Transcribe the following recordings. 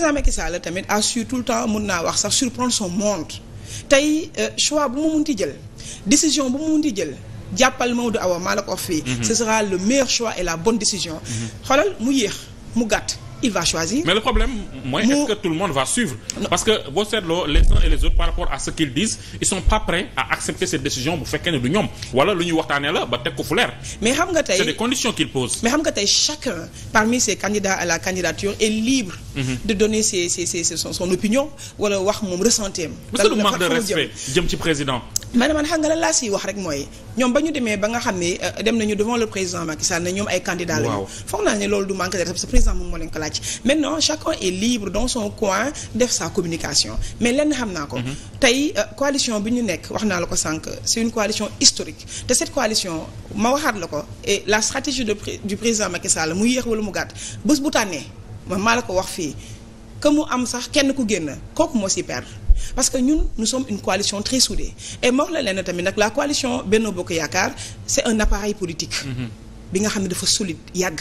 président Macky Sall tamit a su tout le temps mun naa wax sax surprendre son monde tey euh, choix bu mu munti jël décision bu mu munti jël jàppal Maodo Awa maa la ko wax fii. Mhm. ce sera le meilleur choix et la bonne décision. Mhm. xoolal mu yéex mu gàtt. il va choisir. mais le problème mooy est que tout le monde va suivre. parce que boo seetloo les uns et les autres par rapport à ce qu'ils disent ils sont pas prêts à accepter cette décision bu fekkee ne du ñoom wala lu ñuy waxtaanee la ba teg ko fu leer. mais xam nga tey chacun parmi ces candidats à la candidature est libre. Mhm. de donner ses son, opinion wala wax moom ressenti am. dalu respect jëm ci président. maanaam man xam nga la laa siy wax rek la ci maintenant chacun est libre dans son coin def sa communication mais lenn xam naa ko mhm. tey euh, coalition bi ñu nekk wax naa la ko sànq c'est une coalition historique te cette coalition ma waxaat la ko la stratégie de du président Macky Sall mu yéex wala mu gàtt bés bu tànnee man maa la ko wax fii que mu am sax kenn ku génn kooku moo si perdre parce que ñun nous sommes une coalition très soudée et ma wax la leen tamit nag la coalition Benno Bokk Yaakaar c'est un appareil politique mm bi nga xam ne dafa solide yàgg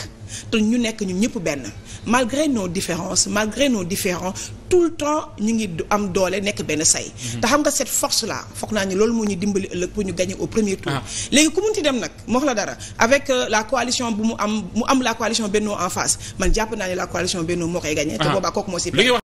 te ñu nekk ñu ñëpp benn malgré nos différences malgré nos différends tout le temps ñu ngi am doole nekk benn say. Mhm. te xam nga cette force là foog naa ñu loolu moo ñu dimbali ëllëg pour ñu gagner au premier tour. Ah. léegi ku munti dem nag moo la dara avec euh, la coalition bu mu am mu am la coalition Benno en face man jàpp naa ne la coalition Benno moo koy gagner. te ah. boobaa kooku moo si.